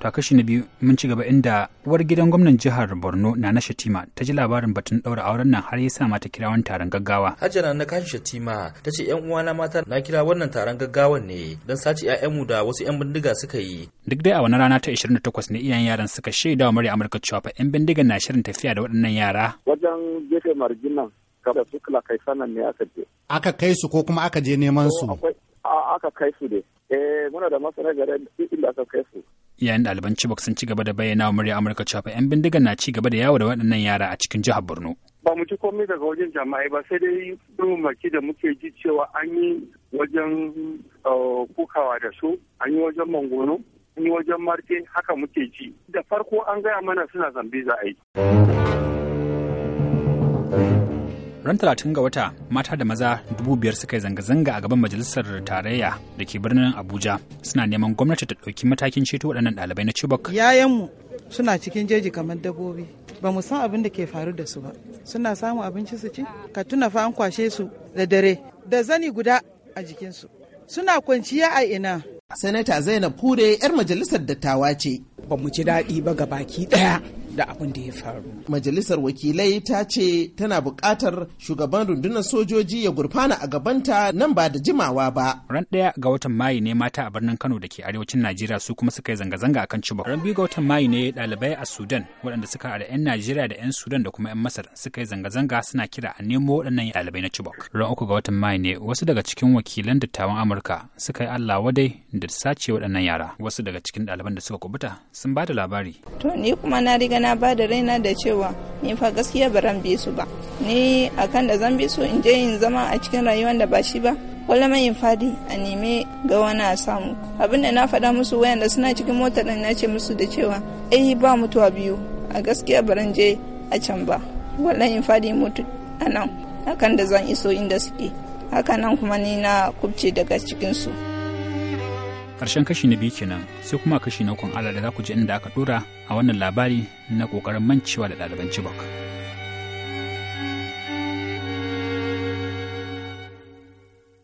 ta kashi na biyu mun ci gaba inda uwar gidan gwamnan jihar borno na na shatima ta ji labarin batun daura auren nan har ya sa mata kira wani taron gaggawa hajjana na kashi shatima ta ce yan uwana mata na kira wannan taron gaggawan ne don sace mu da wasu yan bindiga suka yi duk dai a wani rana ta 28 ne iyayen yaran suka shaida wa murya amurka cewa fa yan bindigan na shirin tafiya da waɗannan yara wajen gefe marginan kada su kula kai sanan ne aka je aka kai su ko kuma aka je neman su aka kai su dai eh muna da masana gare inda aka kai su yayin ɗaliban Chibok sun ci gaba da bayyana wa murya Amurka cewa fa 'yan bindigan na ci gaba da yawo da waɗannan yara a cikin jihar Borno. Ba mu ci komai daga wajen jama'i ba sai dai rumaki da muke ji cewa an yi wajen eh, kukawa da su, an yi wajen mangono, an yi wajen marke haka muke ji. Da farko an gaya mana suna zambi za a yi. ran talatin ga wata mata da maza dubu biyar suka yi zanga-zanga a gaban majalisar tarayya da ke birnin abuja suna neman gwamnati ta ɗauki matakin ceto waɗannan ɗalibai na chibok yayanmu suna cikin jeji kamar dabbobi ba mu san abin da ke faru da su ba suna samun abinci su ci ka tuna fa an kwashe su da dare da zani guda a jikinsu suna kwanciya a ina sanata zainab hure yar majalisar dattawa ce ba mu ji daɗi ba ga baki ɗaya da abin da ya faru. Majalisar wakilai ta ce tana buƙatar shugaban rundunar sojoji ya gurfana a gabanta nan ba da jimawa ba. Ran ɗaya ga watan Mayu ne mata a birnin Kano da ke arewacin Najeriya su kuma suka yi zanga-zanga akan Chibok. Ran biyu ga watan Mayu ne ɗalibai a Sudan waɗanda suka haɗa 'yan Najeriya da 'yan Sudan da kuma 'yan Masar suka yi zanga-zanga suna kira a nemo waɗannan ɗalibai na Chibok. Ran uku ga watan Mayu ne wasu daga cikin wakilan dattawan Amurka suka yi Allah wadai da sace waɗannan yara. Wasu daga cikin ɗaliban da suka kubuta sun ba da labari. To ni kuma na riga na ba da raina da cewa ni fa gaskiya ba ran bi su ba ni akan da zan bi su in je in zama a cikin rayuwar da ba shi ba wala mai in fadi a nemi ga wani a samu abinda na faɗa musu wayanda suna cikin motar ɗin na ce musu da cewa eh ba mutuwa biyu a gaskiya ran je a can ba wala in fadi mutu a nan akan da zan iso inda suke haka nan kuma ni na kubce daga cikin su karshen kashi na biyu kenan sai kuma kashi na ukun ala da za ku ji inda aka dora a wannan labari na ƙoƙarin mancewa da ɗaliban Chibok.